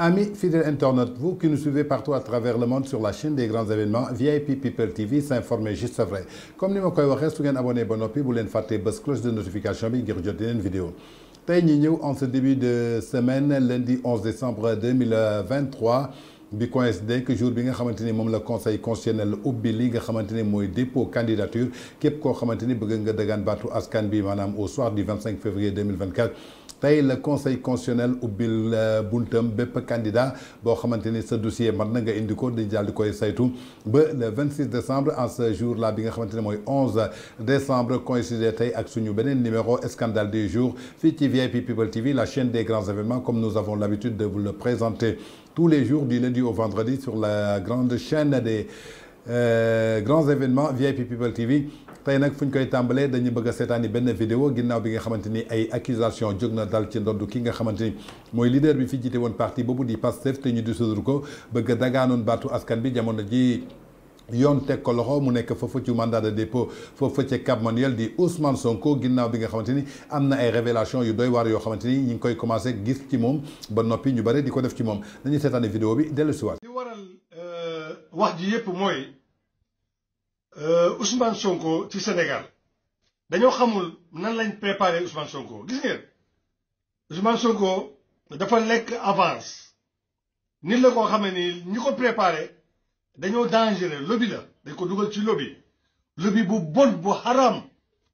Amis fidèles internautes, vous qui nous suivez partout à travers le monde sur la chaîne des grands événements VIP People TV s'informer juste vrai comme nous ma koy vous vous abonné ba vous bu leen faire la cloche de notification bi vous jot une vidéo tey en ce début de semaine lundi 11 décembre 2023 bi coïncide jour bi nga xamante conseil constitutionnel ou li nga xamante dépôt candidature qui a été bëgg nga battu, askan au soir du 25 février 2024. Tay le conseil constitutionnel ubbil euh, buntam bépp candidat pour xamante ce dossier man nga le 26 décembre en ce jour là bi nga 11 décembre coïncidé tay ak suñu numéro scandale du jour fit People TV la chaîne des grands événements comme nous avons l'habitude de vous le présenter tous les jours du lundi au vendredi sur la grande chaîne des euh, grands événements VIP People TV. tay une fuñ qui koy tambalé dañu bëgg sétani seetaani benn vidéo ginnaw bi nga xamanteni ay accusation jóg na dal ci ndoddu ki nga xamanteni moy leader bi fi jité won parti bobu di Pastef té ñu dissoudre ko bëgg a dagaanoon baatu askan bi jamono ji yoon teg ko loxo mu ci mandat de dépôt foofu ci Cap Manuel di Ousmane Sonko ginnaaw bi nga xamante révélation yu doy waar yoo xamante ni ngi koy commencé gis ci moom ba noppi ñu def vidéo bi Ousmane Sonko ci Sénégal dañoo xamul nan lañ préparé Ousmane Sonko gis ngeen Ousmane Sonko dafa lekk avance nit la koo ni ko dañoo dangereux lobby la dañ ko duggal ci lobby lobby bu bon bu haram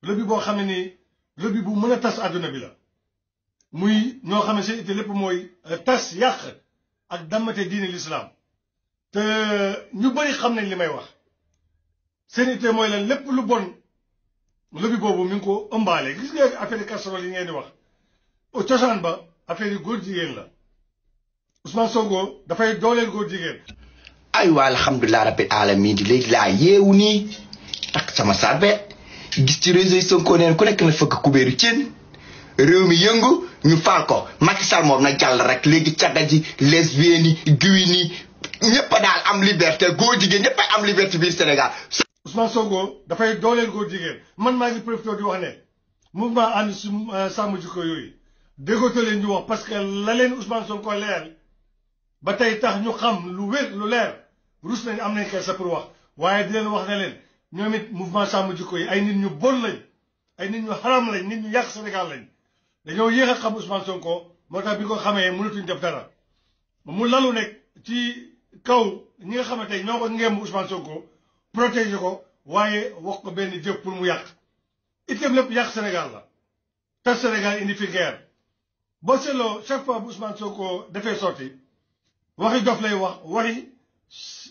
lobby bo xam ni lobby bu mën tass aduna bi la muy ño xam ci té lépp moy tass yàq ak damaté diine l'islam te ñu bari xamné nañ li may wax sénité moy lan lépp lu bon lobby bobu mi ngi ko ëmbalé gis nga affaire casserole yi ngeen di wax o cosaan ba affaire yi góor jigéen la Ousmane sogo da fay dooleel gor jigéen aywa alhamdulilah rabbil alamin di léegi yeewu nii takk sama sarbet gis ci réseau yi Sonko neen ku nekk na fëkk kubéeru ceen réew mi yëngu ñu faal ko Macky Sall na jàll rek léegi cagga ji lesbiennes yi giwin yi ñëpp daal am liberté góor jigéen ñëpp am liberté biir Sénégal. Ousmane Sonko dafay dooleel góor jigéen man maa ngi profité wax ne mouvement ànd su euh, sàmm jikko yooyu déggoo leen ñu wax parce que la leen Ousmane leer ba tey tax ñu xam lu wér lu leer. rus nañ am nañ kersa pour wax waaye di leen wax ne leen ñoom it mouvement sàmm jikko yi ay nit ñu bon lañ ay nit ñu xaram lañ nit ñu yàq Sénégal lañ dañoo yéex a xam Ousmane Sonko moo tax bi ko xamee mënatuñ def dara mu lalu nekk ci kaw ñi nga xamante ñoo ko ngemb Ousmane Sonko protéger ko waaye wax ko benn jëf pour mu yàq itam lépp yàq Sénégal la tas Sénégal indi fi guerre boo seetloo chaque fois bu Ousmane Sonko defee sorti waxi dof lay wax waxi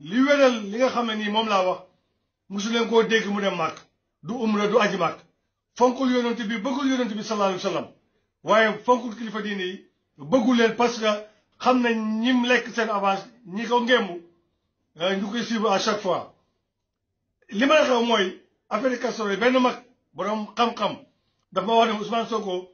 li wéral li nga xam ne nii moom laa wax mosu leen koo dégg mu dem màkk du umra du aji màkk fonkul yonent bi bëggul yonent bi sallallahu alayhi wa sallam waaye fonkul kilifa diine yi bëggul leen parce que xam nañ ñim lekk seen avance ñi ko ngémm euh, ñu koy suivre à chaque fois li ma xew mooy affaire Castro benn mag borom xam-xam dafa ma wax ne Ousmane Sonko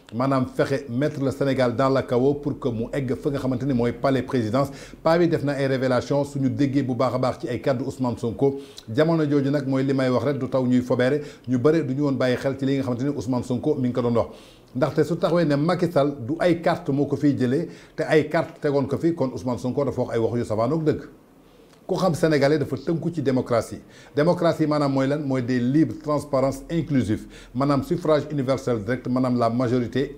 manam fexé mettre le Sénégal dans la CAO pour que mu egg fa nga xamante moy palais présidence pa bi def na ay révélation suñu déggee bu baax baax ci ay cadre Ousmane Sonko jamono jooju nak moy limay wax rek du taw ñuy fobéré ñu bëri du ñu woon bàyyi xel ci li nga xamante Ousmane Sonko mi ngi ko doon wax té su taxawee né Macky Sall du ay carte moko ko fiy té ay carte tegoon ko fi kon Ousmane Sonko da wax ay wax yu savanok deug les xam sénégalais dafa tënku ci démocratie démocratie Madame démocratie, lan libre, des libre transparence inclusif Madame suffrage universel direct Madame la majorité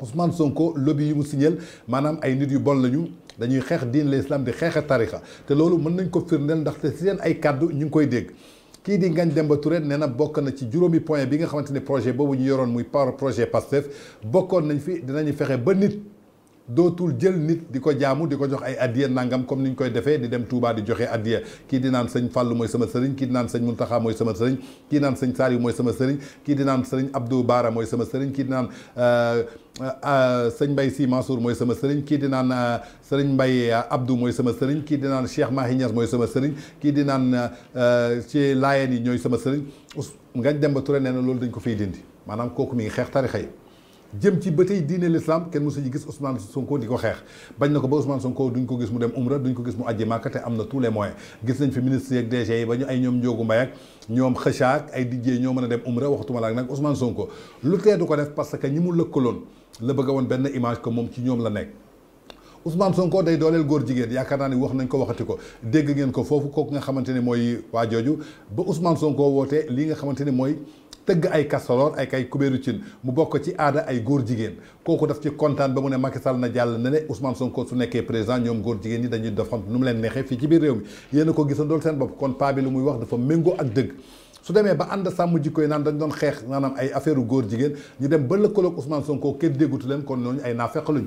Ousmane Sonko lobby yu mu signal maanaam ay nit yu bon lañu dañuy xeex d'in l'islam de xeexa tarixa te loolu mën nañ ko firndeel ndaxte si seen ay kàddu ñu ngi koy dégg kii di Ngagne Demba Touré nee na bokk na ci juróomi point bi nga xamante ne projet boobu ñu yoroon muy par projet PASTEF bokkoon nañ fi dinañu fexe ba nit dootul jël nit di ko jaamu di ko jox ay addiya nangam comme ni ñu koy defee di dem Touba di joxe addiya kii di naan sëñ Fàllu mooy sama sëriñ kii di naan sëñ Muntaxa mooy sama sëriñ kii di naan sëñ Saaliw mooy sama sëriñ kii di naan sëriñ Abdou Bara mooy sama sëriñ kii di naan euh, euh, euh, sëñ Mbay Si Mansour mooy sama sëriñ kii di naan sëriñ Mbay Abdou mooy sama sëriñ kii di naan Cheikh Mahi Niass mooy sama sëriñ kii di naan ci Laayeen yi ñooy sama sëriñ Ngagne Demba Touré nee na loolu dañ ko fiy dindi maanaam kooku mi ngi xeex tarixa yi jëm ci ba diine l'islam kenn mosu ci gis Ousmane Sonko diko xex bañ nako ba Ousmane Sonko duñ ko gis mu dem Umra duñ ko gis mu aji Màkka te am tous les moyens gis nañ fi ministre yeeg DG yi bañu ay ñom Ndiogou mbay ak ñom xëcaak ay DJ ñoo mëna dem Umra waxtuma la nak Ousmane Sonko lu tee du ko def parce que ñi mu lëkkaloon la bëgg won ben image que mom ci ñom la nek Ousmane Sonko day dolel gor jigen yaakaar ni wax nañ ko waxati ko dégg ngeen ko fofu ko nga xamante moy wa joju ba Ousmane Sonko wote li nga xamante moy tëgg ay casserole ay kay kubéeru cin mu bokk ci aada ay góor jigéen kooku daf ci kontaan ba mu ne Macky Sall na jàll na ne Ousmane Sonko su nekkee président ñoom góor jigéen ñi dañuy def xam nu mu leen neexee fii ci biir réew mi yéen a ko gisandool seen bopp kon paa bi lu muy wax dafa méngoo ak dëgg su demee ba ànd sàmm jikko yi naan dañ doon xeex maanaam ay affaire góor jigéen ñu dem ba lëkkaloog Ousmane Sonko kenn déggutu leen kon noonu ay naafeq luñ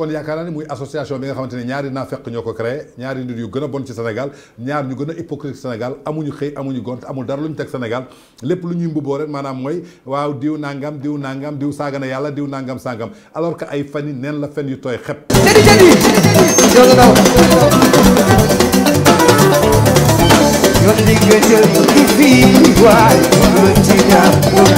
kon yaakaar naa ne muy association bi nga xamante ne ñaari naafeq ñoo ko créé ñaari nit yu gën a bon ci Sénégal ñaar ñu gën a hypocrite Sénégal amuñu xëy amuñu gont amul dara lu ñu teg Sénégal lépp lu ñuy mbubboo rek maanaam mooy waaw diw nangam diw nangam diw saaga na yàlla diw nangam sangam alors que ay fan yi neen la fen yu tooy xep